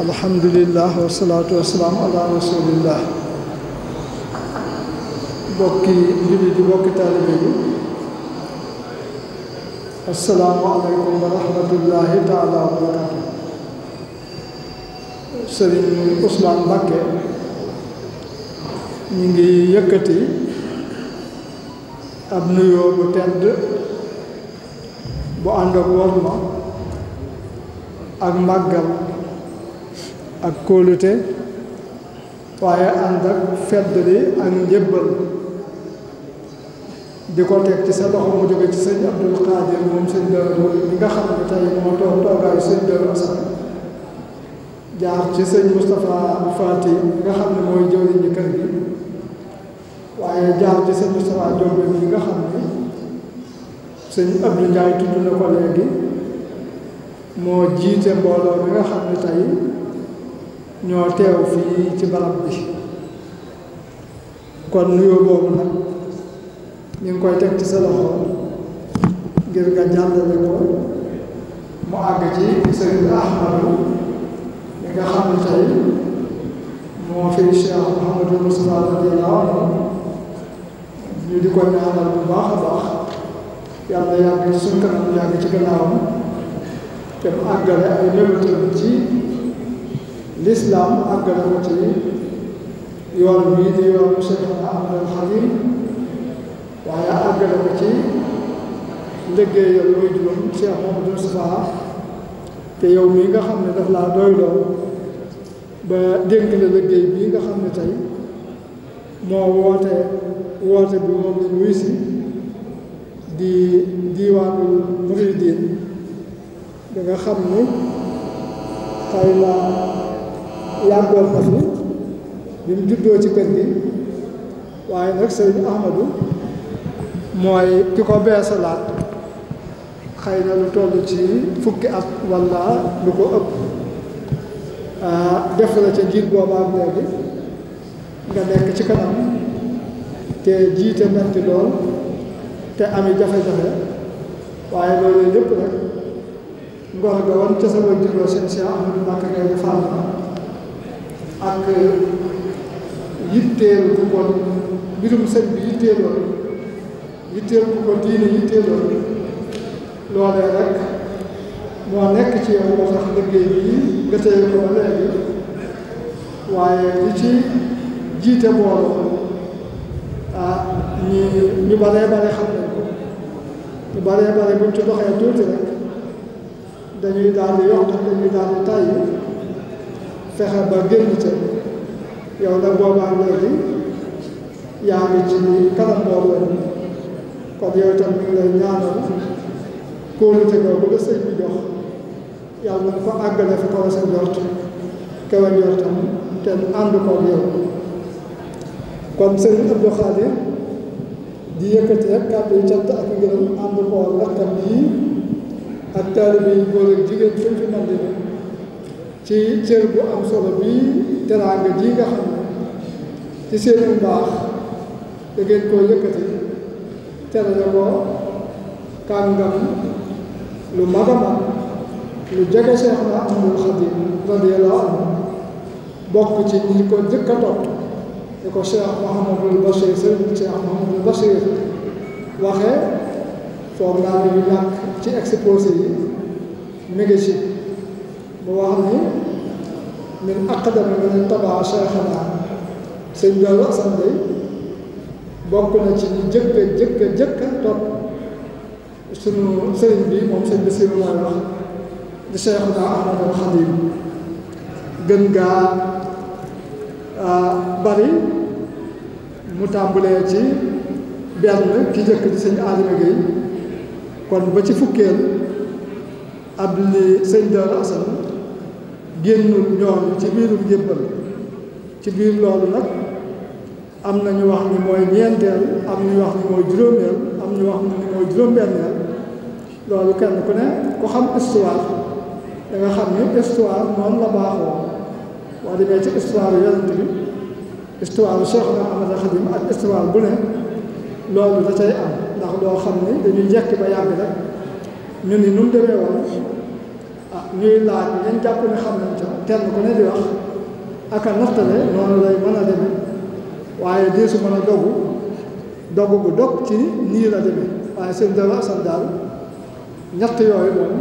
alhamdulillah wasalaatu wasalaam ala rasulillah bokki julli di bokki taalibe yi assalaamu aleykum wa rahmatullahi taala wa barakatu Sëriñ Ousmane Mbacké ñu ngi yëkkati ab nuyoo bu tedd bu ànd ak worma ak màggal ak kóolute waaye ànd ak fedd li ak njëbbal di ko teg ci sa loxo mu jóge ci sëñ Abdul Xaadir moom sëñ Daaru li nga xam ne tey moo toog toogaayu sëñ Daaru Asan jaar ci sëñ Moustapha Fati li nga xam ne mooy jëwriñu kër gi waaye jaar ci sëñ Moustapha Diop bi nga xam ne sëñ Abdou Ndiaye tudd na ko léegi moo jiite mbooloo bi nga xam ne tey ñoo teew fii ci barab bi kon nuyoo boobu nag ñu ngi koy teg ci sa loxo ngir nga jàllale ko mu àgg ci sëriñ Ahmadu li nga xam ne moo fi Cheikh Mouhamadou Moustapha radiyallahu anhu ñu di ko ñaanal bu baax a baax yàlla yàgg suñ kanam yàgg ci gannaawam te mu àggale ay mébétam ci l'islam àggale ko ci yoon bii di yoonu Seexuna Ahmadul Xadim waaye àggale ko ci liggéeyal muy juróom Seex Muhammadul Mustafaa te yow mii nga xam ne daf laa doyloo ba dénk la liggéey bii nga xam ne tey moo woote woote bi moom lañ wuy si di diiwaanul muridiin da nga xam ni xëy na yàggoon na bi mu juddoo ci kër gi waaye nag sëriñ Ahmadu mooy ki ko beesalaat xëy na lu toll ci fukki at walla lu ko ëpp ah, def la ca jiit boobaam léegi nga nekk ci kanam te jiite metti lool te ami jafe-jafe waaye loolu yëpp rek ngor nga woon ca sama juddoo seen si Ahmadu Mbakke ngay faam ak yitteel bu ko mbirum sëñ bi yitteeloon yitteel bu ko diine yitteeloon loolee rek moo nekk ci yow moo tax liggéey bii nga téye ko léegi waaye li ci jiite mbooloo ah ñi ñu baree bare xam nañ ko ñu baree bare buñ ci doxee tuuti rek dañuy daal yokk dañuy daal di tàyyi fexe ba génn ca yow nag boobaa léegi yaa ngi ci kanam boobu kon yow itam ñu ngi lay ñaanal kóolute googu la sëñ bi jox yàlla na ko àggale fa kaw sa njort kawe njortam te ànd koog yow kon sëñ Abdou Khadir di yëkkati rek kàddu yu cant ak ngërëm ànd koog rakkam yi ak taalibe yi góor ak jigéen fuñ fi mën di ci cër bu am solo bii teraanga ji nga xam ne ci seen bu baax da ngeen koo yëkkati lu mag a mag lu jege Cheikh na Ahmadul Xadim bokk ci ñi ko njëkk a topp di ko Cheikh Mahamadul Bachir Sëriñ Cheikh Mahamadul Bachir waxe foog naa ni ñu ci exposé yi mu ngi wax ni min aqdami man ittabaa cheikhana sëñ Bello Assane Gueye bokk na ci ñu jëkka jëkka jëkka topp sunu sëriñ bi moom sëñ bi siiru laay wax di cheikhuna Ahmadul Xadim gën gaa bari mu tàmbulee ci benn ki jëkk ci sëñ Adama Gueye kon ba ci fukkeel ab li sëñ Bello génnul ñoom ci biirum njëbbal ci biir loolu nag am na ñu wax ni mooy ñeenteel am ñu wax ni mooy juróomeel am ñu wax ni mooy juróom-benneel loolu kenn ku ne ku xam histoire da xam ni histoire moom la baaxoo boo demee ci histoire yonent bi histoire Cheikh na Ahmad Khadim ak histoire bu ne loolu da cay am ndax doo xam ni dañuy jekki ba yàgg rek ñu ni nu demee woon ñuy laaj ñan jàpp ne xam nañ ca kenn ku ne di wax ak nattale noonu lay mën a deme waaye deesu mën a dogu dogu bu dog ci nii la deme waaye seen dala daal ñett yooyu moom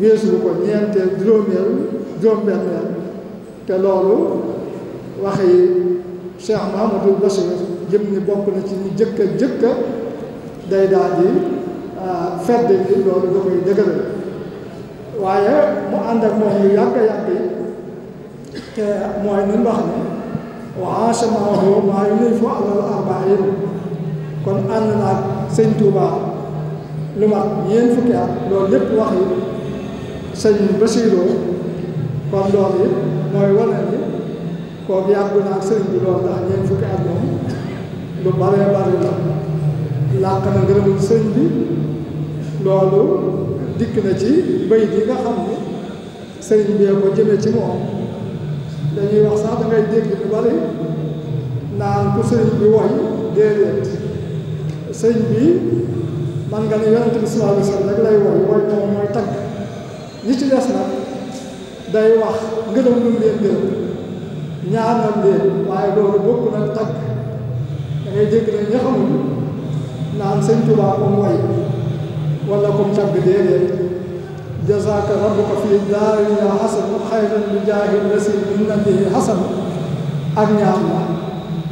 weesu lu ko ñeenteel juróomeel juróom-benneel te loolu waxi Cheikh Mahamadou Bachir jëm ni bokk na ci ñu jëkka jëkka day daal di ah, fedd bi loolu da koy dëgëral waaye mu ànd ak moom lu yàgg yàgg yi mooy nun wax ne waa sama woo waaye luy foo alal arba'in kon ànd naag sëñ Touba lu mat ñeent fukki at loolu lépp wax yi sëñ Basiroo kon loolu yi mooy wane ni kooku yàggu naag sëñ bi loolu ndax ñeent fukki at moom lu baree bari la làq na ngërëmul sëñ bi loolu dikk na ci bay bi nga xam ni sëriñ bi ko jëmee ci moom dañuy wax sax dangay dégg lu bari naan ku sëriñ bi woy déedéet sëriñ bi man nga ne yonent bi sallallahu alayhi wa sallam lay woy woy moom mooy tagg ñi ci des nag day wax ngërëm lu leen gërëm ñaanal leen waaye loolu bokk nag tagg dangay dégg na ña xamul naan sëñ Tuubaa moom woy wala kum tagg déedéet jazaaka rabbuka fii daariya xasan xayran bi jaahi lasi innatihi xasan ak ñaar la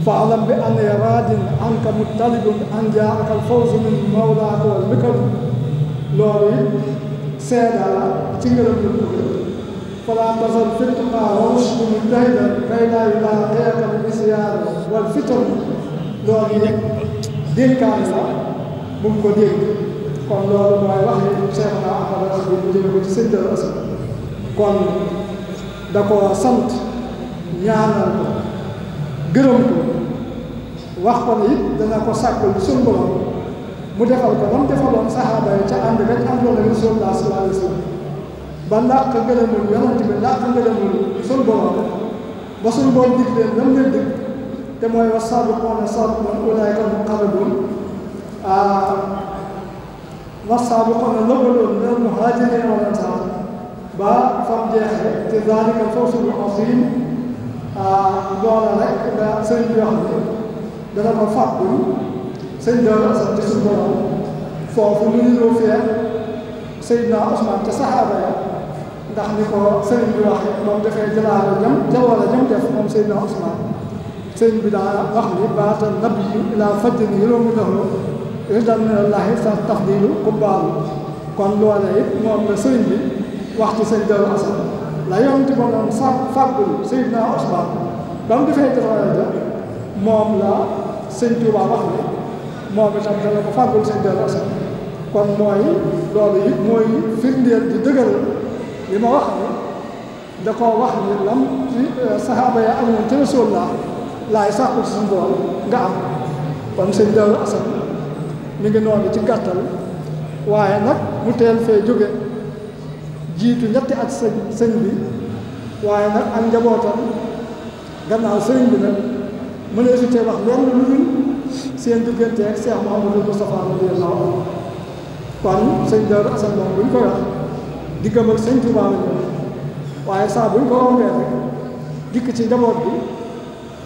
fa alam bi an raadin anka muttalibun an jaaka alfawzu min mawlaaka wal mikal loolu it seeda la ci ngërëm lu tukkee فلا تزل فتقى رشد مجتهدا كي لا يلاقيك بالنسيان والفتن لو دينكان صح ممكن دينك kon loolu mooy wax ni Cheikh naa Ahmad Khadim mu ko ci sëñ Darou Assane kon da ko sant ñaanal ko gërëm ko wax ko ni it dana ko sàkkul suñ borom mu defal ko dam defaloon saxaaba yi ca ànd gañ àndoon ak Rasulullah sallallahu alayhi wa sallam ba làq ngërëmul yonent bi làq ngërëmul suñ borom ba suñ borom dig leen lam leen dig te mooy wa saabiquuna saabiquuna ulaa'ika al muqarrabuun والسابقون الأولون من المهاجرين والأنصار ba fam jeexee te zaalika fawzul aziim ah, loola rek la sëñ bi wax ne dana ko fàggul sëñ doona sax ci suñ borom foofu lu ñu ñëw fee Seydina Ousmane ca saxaaba ya ndax ni ko sëñ bi waxee moom dafay jëlaale jëm jawala jëm def moom Seydina Ousmane sëñ bi daa wax a baata nabi ila fajjin yëloo mu ridal minallahi sa tafdilu kubbaalu kon loola it moom la sëriñ bi wax ci sëñ Daaru Asan la yonent ba moom sa fàggul Seydina Usmaan ba mu defee joxoon ja moom la sëñ kon mooy loolu it mooy di dëgëral li ma wax ne da koo wax ni lam ci euh, saxaaba ya amoon ci Rasulullah laay sàkku ci suñu borom nga am kon sëñ Daaru mi ngi noonu ci gàttal waaye nag mu teel fee jóge jiitu ñetti at sëñ bi waaye nag ak njabootam gannaaw sëriñ bi nag mën a sutee wax lenn lu dul seen diggante ak sëñ Darou Assane moom ko wax diggam ak sëñ Touba la waaye saa buñ ko rombee rek dikk ci njaboot bi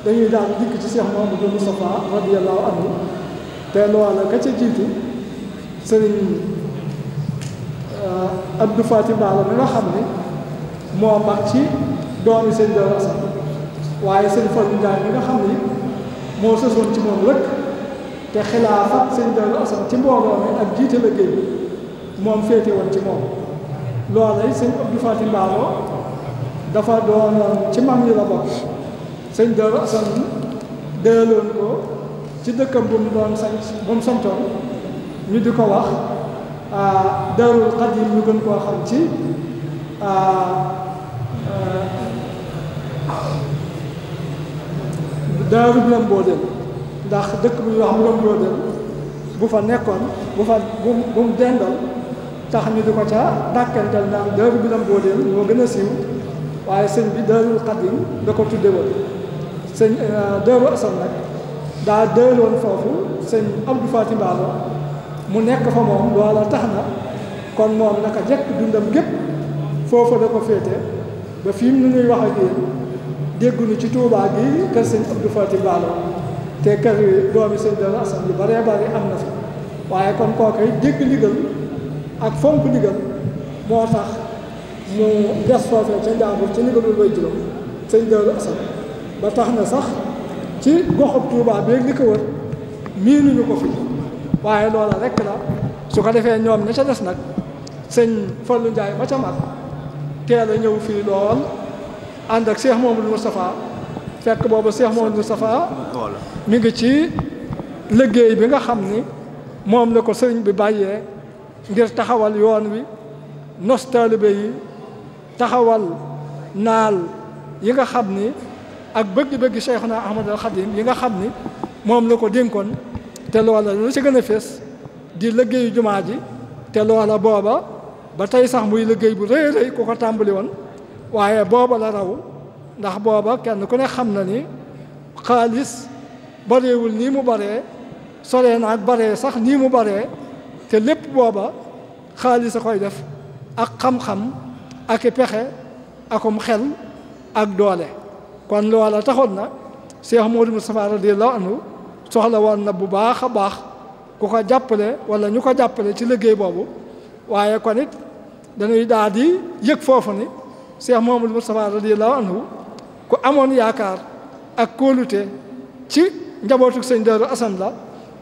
dañuy daal dikk ci Cheikh Mouhamadou Moustapha radiyallahu anhu te loola ka ca jiitu sëriñ euh, Abdou Fatim Baalo nga xam ni moo mag ci doomi sëñ Daaru Asan waaye sëñ Fallu Njaay mi nga xam ne moo sosoon ci moom rek te xilaafa sëñ Daaru ci mbooloo mi ak jiite liggéey bi moom féete woon ci moom loola sëñ Abdou Fatim Baalo dafa doon ci mam yi la bokk sëñ Daaru Asan ko ci dëkkam bu mu doon sañ bu mu santoon ñu di ko wax ah, darul xadim ñu gën koo xam ci ah, ah, daaru lëmboodeel ndax dëkk bu ñuy wax lëmboodeel bu fa nekkoon bu fa bu bu mu dendoon tax ñu di ko ca dàkkantal naan daaru lëmboodeel moo gën a siiw waaye sëñ bi daarul xadim da ko tudde sëñ daaru asan nag daa dëyloon foofu seen Abdou Faty Mbaalo mu nekk fa moom loola tax na kon moom naka jekk dundam gépp foofa da ko féete ba fii mu ñuy wax ak yéen ci Touba gi kër sëñ Abdou Faty Mbaalo te kër yi doomi sëñ Dara Assane yu baree bari am na fi waaye kon kookay dégg ndigal ak fonk ndigal moo tax mu des foofee ca njàmbur ca ndigalul way juróom sëñ Dara Assane ba tax na sax ci goxub Touba beeg li ko wër miinuñu ko fi waaye loola rekk la su ko defee ñoom ña ca des nag sëñ Fallou Ndiaye ma ca mat teel ñëw fii lool ànd ak moom Mouhamadou Moustapha fekk boobu Cheikh Mouhamadou Moustapha mi ngi ci liggéey bi nga xam ni moom la ko sëñ bi bàyyee ngir taxawal yoon wi nos yi taxawal naal yi nga xam ni ak bëgg-bëgg Cheikhuna Ahmadul Xadim yi nga xam ni moom la ko dénkoon te loola lu ci gën a fees di liggéeyu jumaa ji te loola booba ba tey sax muy liggéey bu rëy rëy ku ko tàmbali woon waaye booba la raw ndax booba kenn ku ne xam na ni xaalis bareewul nii mu baree soree naag baree sax nii mu baree te lépp booba xaalis a koy def ak xam-xam ak i pexe akum xel ak doole kon loola taxoon na Cheikh Modou Moustapha radiyallahu anhu soxla woon na bu baax a baax ku ko jàppale wala ñu ko jàppale ci liggéey boobu waaye kon it dañuy daal di yëg foofu ni Cheikh Mouhamadou Moustapha radiyallahu anhu ku amoon yaakaar ak kóolute ci njabootu sëñ Darou Assane la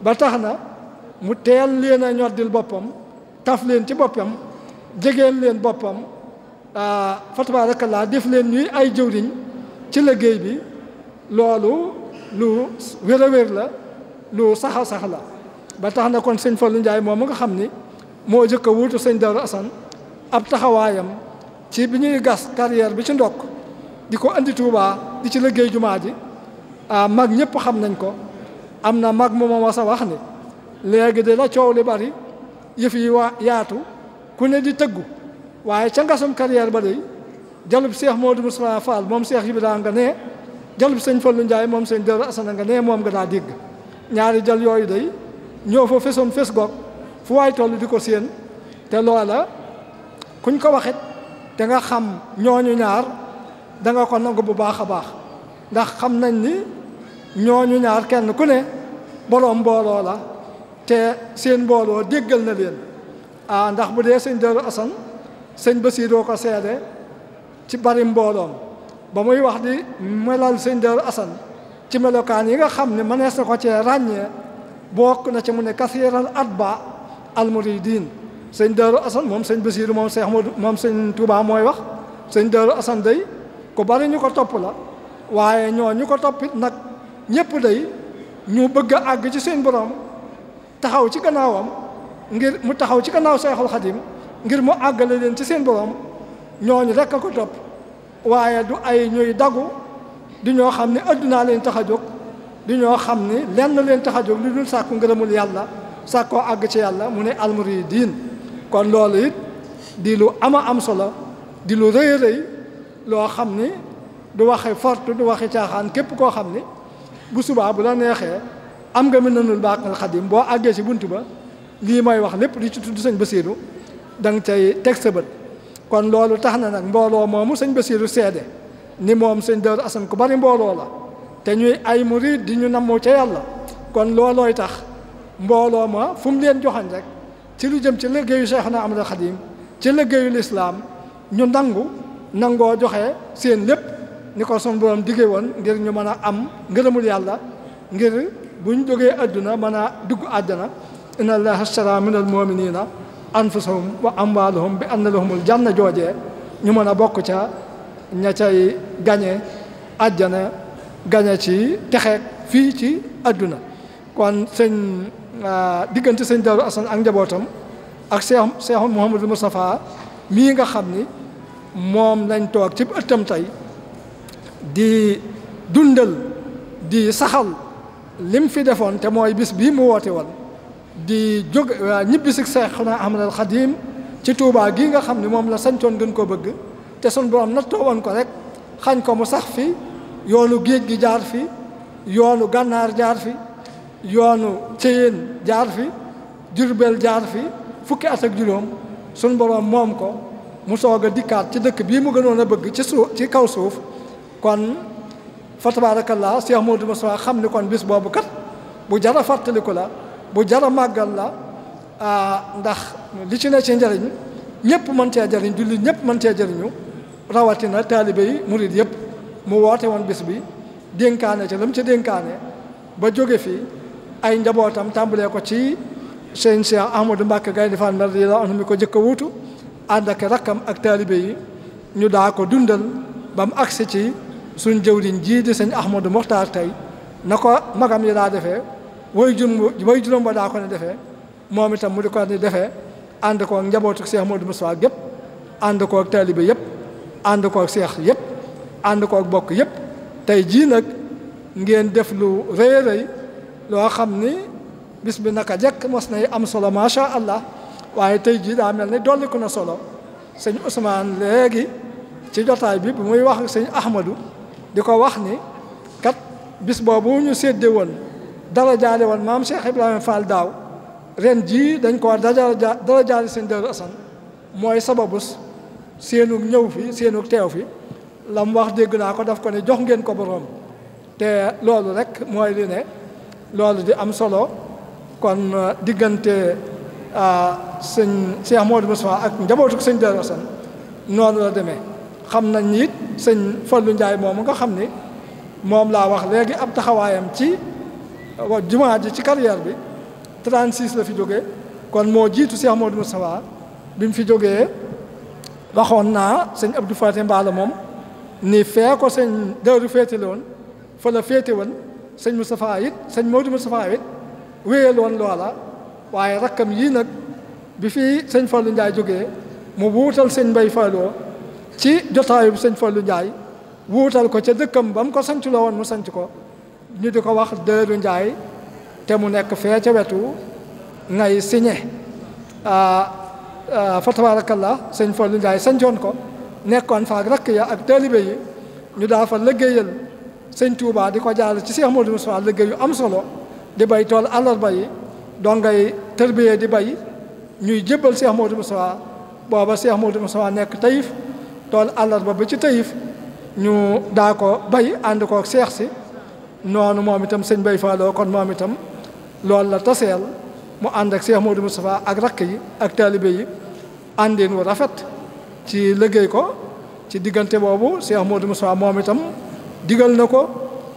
ba tax na mu teel leen a ñoddil boppam taf leen ci boppam jegeel leen boppam ah, fa tabaarakallaa def leen ñuy ay jëwriñ ci liggéey bi loolu lu wér la lu saxasax la ba tax na kon sëñ Fallou njaay moo mu nga xam ni moo jëkk a wuutu sëñ Darou Assane ab taxawaayam ci bi ñuy gas carrière bi ci ndokk di ko andi Touba di ci liggéey jumaa ji ah mag ñëpp xam nañ ko am na mag mu ma mas a wax ni léegi de la coow li bari yëf yi waa yaatu ku ne di tëggu waaye ca ngasum carrière ba day jalub seex Modou Moustapha Fall moom seex Ibrahima nga ne jalub sëñ Fallou Ndiaye moom sëñ Dero Assane nga ne moom nga daa dégg ñaari jal yooyu day ñoo fa fesoon fes goog fu waay toll di ko séen te loola kuñ ko waxit te nga xam ñooñu ñaar da nga ko nangu bu baax a baax ndax xam nañ ni ñooñu ñaar kenn ku ne boroom mbooloo la te seen mbooloo déggal na leen ah ndax bu dee sëñ Dero Assane sëñ Basiroo ko seede ci bari mbooloom ba muy wax di melal sëñ Daaru Asan ci melokaan yi nga xam ne mënees na ko cee ràññee bokk na ci mu ne kasiiral atba almuridiin sëñ Daaru Asan moom sëñ Basiiru moom Seex Moodu moom sëñ Tuubaa mooy wax sëñ Daaru Asan day ku bari ñu ko topp la waaye ñoo ñu ko toppit nag ñëpp day ñu bëgg a àgg ci seen borom taxaw ci gannaawam ngir mu taxaw ci gannaaw Seexul Xadiim ngir mu àgg àggale leen ci seen borom ñooñu rek a ko topp waaye du ay ñuy dagu di ñoo xam ne addunaa leen tax a di ñoo xam ne lenn leen tax a jóg lu dul sàkku ngërëmul yàlla sàkkoo àgg ci yàlla mu ne almuridiin kon loolu it di lu a am solo di lu rëy rëy loo xam ni du waxe forte du waxe caaxaan képp koo xam ni bu subaa bu la neexee am nga mën nanul baaxal xadim boo àggee ci bunt ba lii may wax lépp di ci tudd sëñ Basiiru da nga cay teg sa bët kon loolu tax na nag mbooloo moomu sëñ Basiiru seede ni moom sëñ Daaru Asan ku bari mbooloo la te ñuy ay murid di ñu nammoo ca yàlla kon loolooy tax mbooloo ma fum mu leen joxañ rek ci lu jëm ci na Seexuna Ahmadul Xadiim ci liggéeyu lislaam ñu nangu nangoo joxe seen lépp ni ko sunu borom diggee woon ngir ñu mën a am ngërëmul yàlla ngir bu ñu jógee àdduna mën a dugg àdduna inna allaha ashtara minal mu'minina anfusahum wa amwaaluhum bi anna lahumul janna joojee ñu mën a bokk ca ña cay gañe àjjana gañe ci texeek fii ci àdduna kon sëñ ah, diggante sëñ Daaru Asan ak njabootam ak seex seexu Muhammadul Mustafaa mii nga xam ni moom lañ toog ci ëttam tey di dundal di saxal lim fi defoon te mooy bis bii mu woote woon di jóg ñibbisi Seexuna Ahmad al Xadim ci Tuubaa gi nga xam ne moom la sancoon gën ko bëgg te sun borom nattoo woon ko rek xañ ko mu sax fi yoonu géej gi jaar fi yoonu gànnaar jaar fi yoonu ceyeen jaar fi jurbel jaar fi fukki at ak juróom sun borom moom ko mu soog a dikkaat ci dëkk bii mu gënoon a bëgg ci suuf ci kaw suuf kon fa tabaarakallaa Cheikh Modou Moussa xam ni kon bis boobu kat bu jara fàttaliku la bu jara màggal la ah, ndax li ci ne ci njariñ ñëpp mën cee jëriñ julli ñëpp mën cee jëriñu rawatina taalibe yi murid yëpp mu woote woon bis bi dénkaane ca lam ci dénkaane ba jóge fi ay njabootam tàmbalee ko ci sëñ Cheikh Ahmadou Mbacke Gaynde Fatma radiyallahu anhu mi ko jëkk a wuutu ànd ak rakkam ak taalibe yi ñu daa ko dundal ba mu agsi ci suñ jëwriñ jii di sëñ Ahmadou Mokhtar tey na ko magam yi daa defee way jun way juróom ba daa ko ne defee moom itam mu di ko ne defee ànd koog njabootu Cheikh Modou Moussa gépp ànd koog taalibe yëpp ànd koog seex yëpp ànd koog bokk yépp tey jii nag ngeen def lu rëy rëy loo xam ni bis bi naka jekk mos nay am solo macha allah waaye tey jii daa mel ni dolli ko na solo sëñ Ousmane léegi ci jotaay bi bu muy wax sëñ Ahmadou di ko wax ni kat bis boobu ñu sédde woon dara jaale woon maam Cheikh Ibrahima Fall daaw ren jii dañ ko war dara dara jaale seen Daaru Asan mooy sababus seenug ñëw fi seenug teew fi la mu wax dégg naa ko daf ko ne jox ngeen ko boroom te loolu rek mooy li ne loolu di am solo kon uh, diggante uh, sëñ Cheikh Modou Moustapha ak njabootuk sëñ Daaru Asan noonu la demee xam nañ it sëñ Fallou Ndiaye moomu nga xam ni moom laa wax léegi ab taxawaayam ci wa jumaa ji ci carrière bi 36 la fi jógee kon moo jiitu Cheikh Modou Moustapha bi mu fi jógee waxoon naa sëñ Abdou Faté Mbaala moom ni fee ko sëñ Daaru féete loon fa la féete woon sëñ Moustapha it sëñ Modou Moustapha it wéyaloon loola waaye rakkam yii nag bi fi sëñ Fallou Ndiaye jóge mu wuutal sëñ Mbaye Fallou ci jotaayu sëñ Fallou Ndiaye wuutal ko ca dëkkam ba mu ko sanc la woon mu sanc ko ñu di ko wax Dëru Njaay te mu nekk fee ca wetu ngay signé ah, ah, fa tabarakallah sëñ Fallu Njaay sañcoon ko nekkoon fa ak rakk ya ak taalibe yi ñu daa fa liggéeyal sëñ Tuubaa di ko jaar ci Cheikh Modou Moussa liggéey yu am solo di bay tool àllarba yi doon ngay tërbiyee di bay ñuy jébbal Cheikh Modou Moussa booba moo Modou Moussa nekk Taïf tool àllarba bi ci Taïf ñu daa ko bay ànd kook Cheikh si noonu moom itam sëñ Bay Fallou kon moom itam loolu la taseel mu ànd ak seex Cheikh Modou Moustapha ak rakk yi ak taalibe yi àndeen wu rafet ci liggéey ko ci diggante boobu Cheikh Modou Moustapha moom itam digal na ko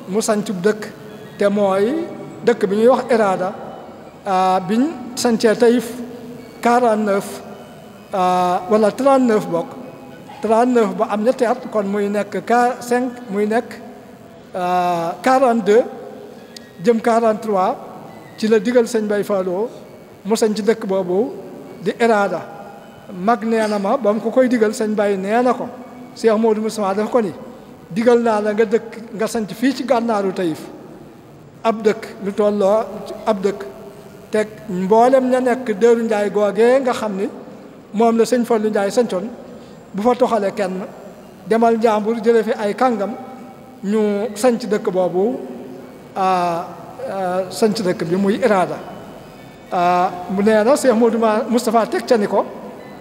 mu sancub dëkk te mooy dëkk bi ñuy wax Irada biñ sancee Taïf 49 wala 39 bokk 39 ba am ñetti kon muy nekk 5 muy nekk 42 euh, jëm 43 ci la digal sëñ Bay Falloo mu sañ ci dëkk boobu di Iraada mag nee na ma ba mu ko koy digal sëñ Bay nee na ko Cheikh Modou Moustapha dafa ko ni digal naa la nga dëkk nga sanc fii ci gànnaaru Taïf ab dëkk lu tolloo ab dëkk teg mboolem ña nekk Dëru Njaay googee nga xam ni moom la sëñ Fallu Njaay sancoon bu fa toxale kenn demal njàmbur jële fi ay kàngam ñu sañc dëkk boobu sanc dëkk bi muy iraada mu nee na Cheikh Modou Moustapha teg ca ni ko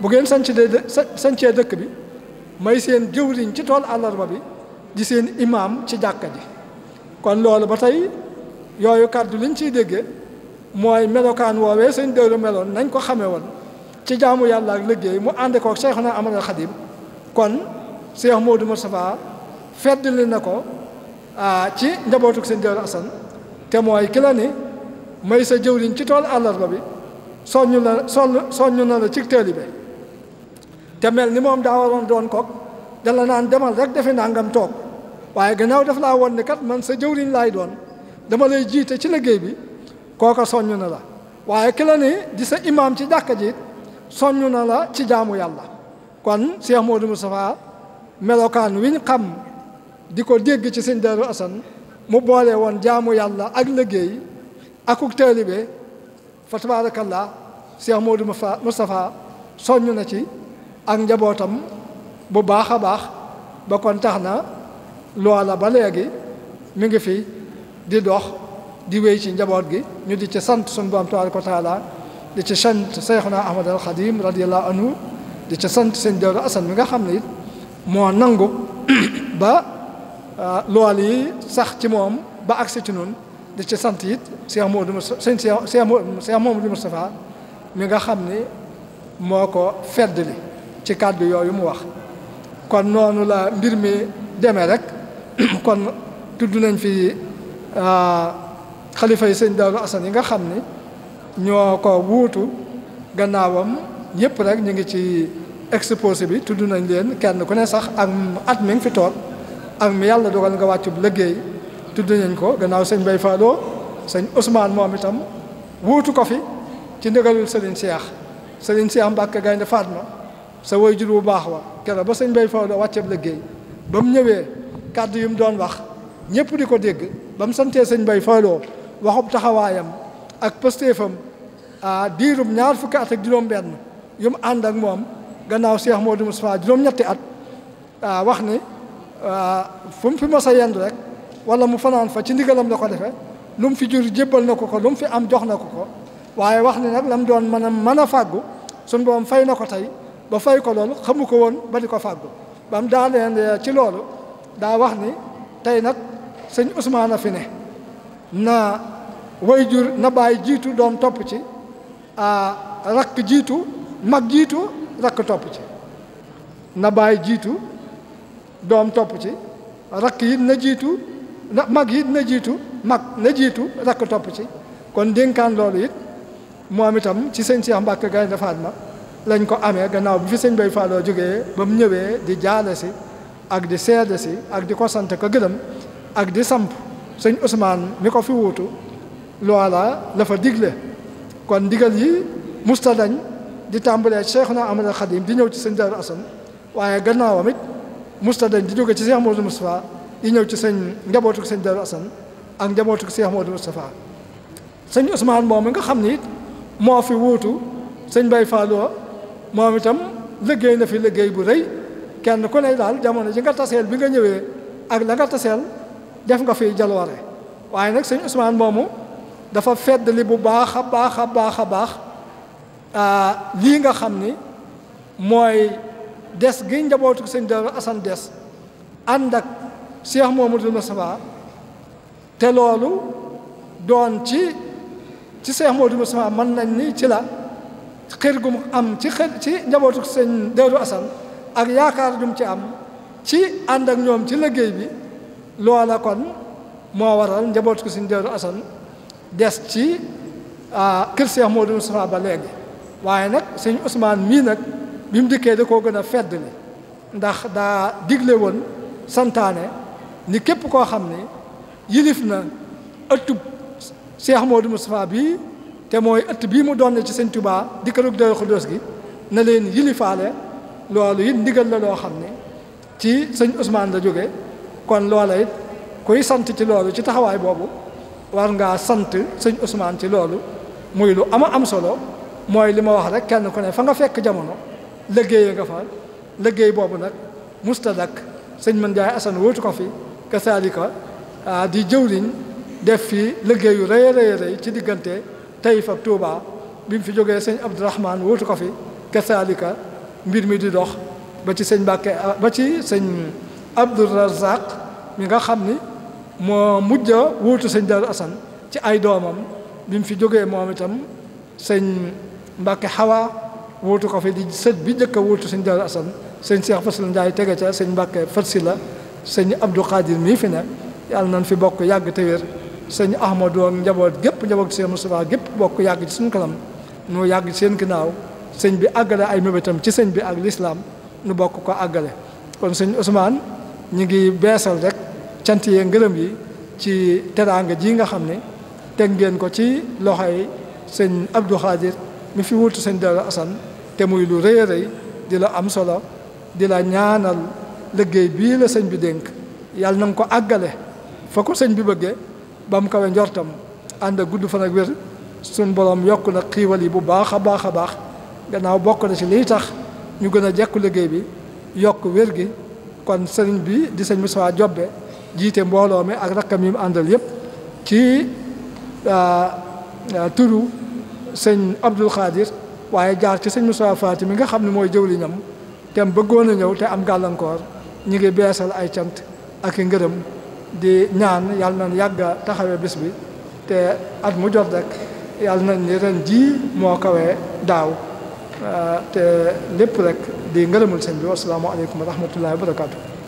bu gën sanc de sancee dëkk bi may seen jëwriñ ci tool àllarba bi di seen imaam ci jàkka ji kon loolu ba tey yooyu kàddu liñ ciy déggee mooy melokaan woowee seen dëwru meloon nañ ko xame woon ci jaamu yàlla ak liggéey mu ànd koog Cheikhuna Amadou Khadim kon Cheikh Modou Moustapha feddali na ko ah, ci njabootuk seen jawar asan te mooy ki ni may sa jëwriñ ci tool àllarba bi soññu la soññu na la ci taalibe te mel ni moom daa waroon doon kook dala naan demal rek defe nangam toog waaye gannaaw daf laa won ni kat man sa jëwriñ laay doon dama lay jiite ci liggéey bi kooka soññ na la waaye ki ni di sa imaam ci jàkka ji soññ na la ci jaamu yàlla kon Cheikh Modou Moustapha melokaan wiñ xam di ko dégg ci sëñ Darou mu boole woon jaamu yàlla ak liggéey akuk taalibe fa tabarakallah Cheikh Modou Moustapha na ci ak njabootam bu baax a baax ba kon tax na loola ba léegi mu ngi fi di dox di wéy ci njaboot gi ñu di ci sant suñu borom tabaraka di ci sant Seyxuna Ahmad al Xadim radiyallahu anhu di ci sant sëñ Darou Assane mi nga xam ne it moo nangu ba Euh, lool yi sax ci moom ba agsi ci noonu di ci sant it Cheikh Modou sëñ Cheikh Modou mi nga xam ni moo ko feddali ci kàddu yooyu mu wax kon noonu la mbir mi demee rek kon tudd nañ fi euh, xalifa yi sëñ Daaru Asan yi nga xam ni ñoo ko wuutu gannaawam ñëpp rek ñu ngi ci exposé bi tudd nañ leen kenn ku ne sax ak at mi ngi fi toog ak mi yàlla dogal nga wàccub liggéey tudd nañ ko gannaaw sañ Bay Falloo sëñ Ousmane moom itam wuutu ko fi ci ndigalul Serigne Cheikh Serigne Cheikh Mbacke Gaynde Fatma sa waajur bu baax wa keroog ba sëñ Bay Falloo wàccub liggéey ba mu ñëwee kàddu yu mu doon wax ñëpp di ko dégg ba mu santee sëñ Bay Falloo waxub taxawaayam ak pëstéefam a ñaar fukki at ak juróom-benn yu ànd ak moom gannaaw Cheikh Modou Moustapha juróom-ñetti at wax ni. Euh, fu mu fi mos a yendu rek wala mu fanaan fa ci ndigalam la ko defee lu mu fi jur jébbal na ko ko lu mu fi am jox na ko ko waaye wax ni nag lam doon mën a mën fàggu suñ boom fay na ko tey ba fay ko loolu xamu ko woon ba di ko fàggu ba mu daaneel ci loolu daa wax ni tey nag sëñ Ousmane a fi ne na way jur na bàyyi jiitu doom topp ci rakk jiitu mag jiitu rakk topp ci na bàyyi jiitu doom topp ci rakk yit na jiitu mag yi na jiitu mag na jiitu rakk topp ci kon dénkaan loolu it moom itam ci sëñ Cheikh Mbacke Gaynde Fatma lañ ko amee gannaaw bi fi sëñ Bay Falloo jógee ba mu ñëwee di jaale si ak di seede si ak di ko sant ko gërëm ak di samp sëñ Ousmane mi ko fi wuutu loola la fa digle kon digal yi musta dañ di tàmbalee Cheikhuna Ahmadul Xadim di ñëw ci sëñ Daaru waaye gannaawam it musta dañ di jóge ci Cheikh Modou Moustapha di ñëw ci sëñ njabootu sëñ Darou Assane ak njabootu seex moo Modou Moustapha sëñ Ousmane moom nga xam ni it moo fi wuutu sëñ bay Fallou moom itam liggéey na fi liggéey bu rëy kenn ku ne daal jamono ji nga taseel bi nga ñëwee ak la nga taseel def nga fi jalware waaye nag sëñ Ousmane moomu dafa fedd li bu baax a baax a baax a baax ah, lii nga xam ni mooy des gi njabootu sëñ Darou Assane des ànd ak Cheikh Mouhamadoul Moustapha te loolu doon ci ci Cheikh Mouhamadoul Moustapha man nañ ni ci la xër gum am ci xër ci njabootu sëñ Darou Assane ak yaakaar jum ci am ci ànd ak ñoom ci liggéey bi loola kon moo waral njabootu ko sëñ Darou Assane des ci ah, kër Cheikh Mouhamadoul Moustapha ba léegi waaye nag sëñ Ousmane mii nag bi mu dikkee da koo gën a fedd li ndax daa digle woon santaane ni képp koo xam ne yilif na ëttub Cheikh Modou Moustapha bii te mooy ëtt bii mu doon ci sëñ Tuubaa di kërug Daaru Xudoos gi na leen yilifaale loolu it ndigal la loo xam ne ci sëñ usmaan la jóge kon loola it kuy sant ci loolu ci taxawaay boobu war ngaa sant sëñ Ousmane ci loolu muy lu ama am solo mooy li ma wax rek kenn ku ne fa nga fekk jamono liggéey nga fa liggéey boobu nag mustadak sëñ mën jaay asan wóotu ko fi kasaalika ah, di jëwriñ def fi liggéey yu rëy rëy ci diggante Taïf ak Touba bi mu fi jógee sëñ Abdourahman wóotu ko fi kasaalika mbir mi di dox ba ci sëñ Mbàkke ah, ba ci sëñ mi nga xam ni moo mujj a wóotu sëñ Daaru Asan ci ay doomam bi mu fi jógee moom itam sëñ Mbàkke Xawa wuutu ko fi di sët bi njëkk a wuutu sëñ Daaru Asan sëñ Cheikh Fassila Ndiaye tege ca sëñ Mbàkke la sëñ Abdou Khadir mii fi ne yàlla nañ fi bokk yàgg te wér sëñ Ahmadu njaboot gépp njaboot sëñ Moustapha gépp bokk yàgg ci suñ kanam nu yàgg ci seen ginnaaw sëñ bi àggale ay mébétam ci sëñ bi ak lislaam nu bokk ko àggale kon sëñ Ousmane ñu ngi beesal rek cant yee ngërëm yi ci teraanga ji nga xam ne teg ngeen ko ci loxoy sëñ Abdou Khadir mi fi wuutu sëñ Daaru Asan te muy lu rëy a rëy di la am solo di la ñaanal liggéey bii la sëñ bi dénk yàlla na nga ko àggale fa ko sëñ bi bëggee ba kawe njortam ànd ak gudd fan ak wér suñ borom yokk na xiiwal yi bu baax a baax a baax gannaaw bokk na ci liy tax ñu gën a jekku liggéey bi yokk wér gi kon sëriñ bi di sëñ Moussa Jobbe jiite mbooloo mi ak rakkam yi mu àndal yëpp ci ah, ah, turu sëñ Abdul Xaadir waaye jaar ci sëñ Moussa Faty mi nga xam ne mooy jëwliñam te bëggoon a ñëw te am gàllankoor ñu ngi beesal ay cant ak i ngërëm di ñaan yàlla nañ yàgg a taxawee bis bi te at mu jot rek yàlla nañ ni ren jii moo kawee daaw te lépp rek di ngërëmul sëñ bi wasalaamualeykum wa rahmatullahi wa barakaatu.